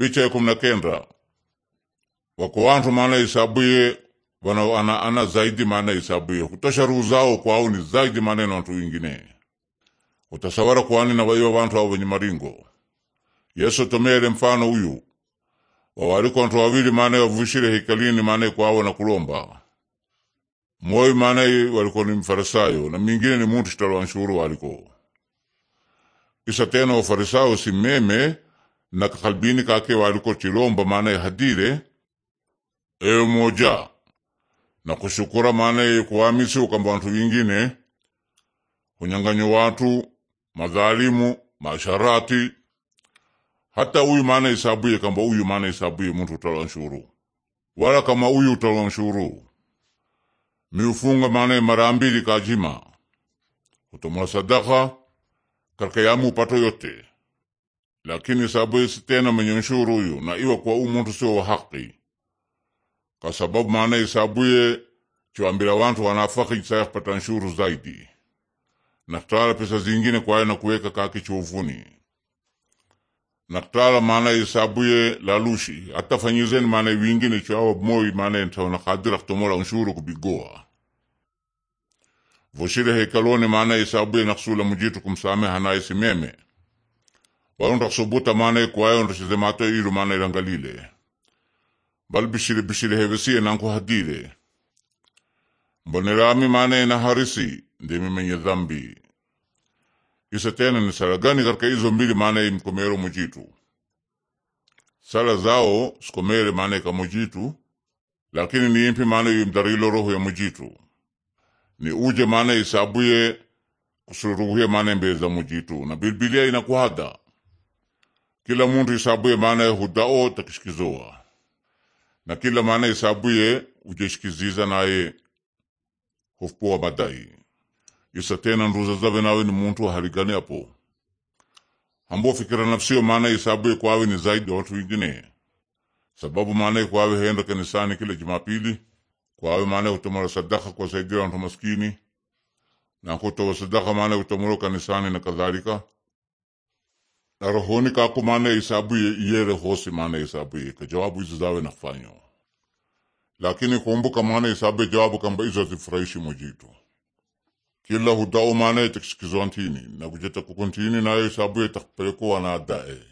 picha ikumi na kenda wako wantu maana isabuye ana, ana zaidi maana isabuye kutosha ruu zao ni zaidi maana na wantu wingine utasawara kwani na waiwa wantu ao wenye maringo yesu tomele mfano huyu wawaliko wantu wawili maana wavushire hekalini maana kwao na kulomba moyi maana waliko ni mfarisayo na mingine ni muntu shitalo anshuru waliko isa tena wafarisayo simeme na kakalbini kake waliko chilomba maana hadire ewe moja na kushukura maana yekuwamisi ukamba wantu wingine kunyanganyo watu madhalimu masharati hata uyu maana isabuye kamba uyu maana isabuye muntu utalwa nshuru wala kama uyu utalwa nshuru miufunga maana mara mbili kajima utomola sadaka karka yamu upato yote lakini sabisi tena mwenye mshuru huyu na iwa kwa umuntu sio wa haki kwa sababu maana isabuye chuambila wantu wanafaki jisaya kupata nshuru zaidi na kutala pesa zingine kwaye na kuweka kakichovuni na kutala maana isabuye lalushi hata fanyizeni maana wingine chuawa moi maana ntaona kadira kutomola nshuru kubigoa voshire hekaloni maana isabuye nakusula mujitu kumsameha naye simeme waonda kusubuta manae kuwayonda chizemato ilu mana ilangalile bali bishile bishile hevesiye hadile mbonerami mana na harisi ndimi menye dhambi isa tena ni sala gani katika hizo mbili manae imkomero mujitu sala zao sikomere manae kamujitu lakini ni impi manae imdarilo roho ya mujitu ni uje manae isabuye kusururuhye mana mbele mujitu na Biblia inakuhada kila muntu isabuye maana ya hudao takishikizowa na kila maana isabuye ujeshikiziza naye hufpowa madai isa tena nduza zave nawe ni muntu waharigane apo ambo fikira nafsiyo maana isabuye kwawe ni zaidi ya watu wengine sababu maana kwawe henda kanisani kila Jumapili kwawe maana utamara sadaka kwa saidira wantu maskini na kutoa sadaka maana utamara kanisani na kadhalika rohoni kako maana hisabu yere hosi maana hisabu yeka jawabu hizo zawe nakufanywa lakini kumbuka maana hisabu jawabu kamba izo zifurahishi mujitu kila hudao maana na nakujeta kukontini nayo hisabu yetakupelekwa wanadae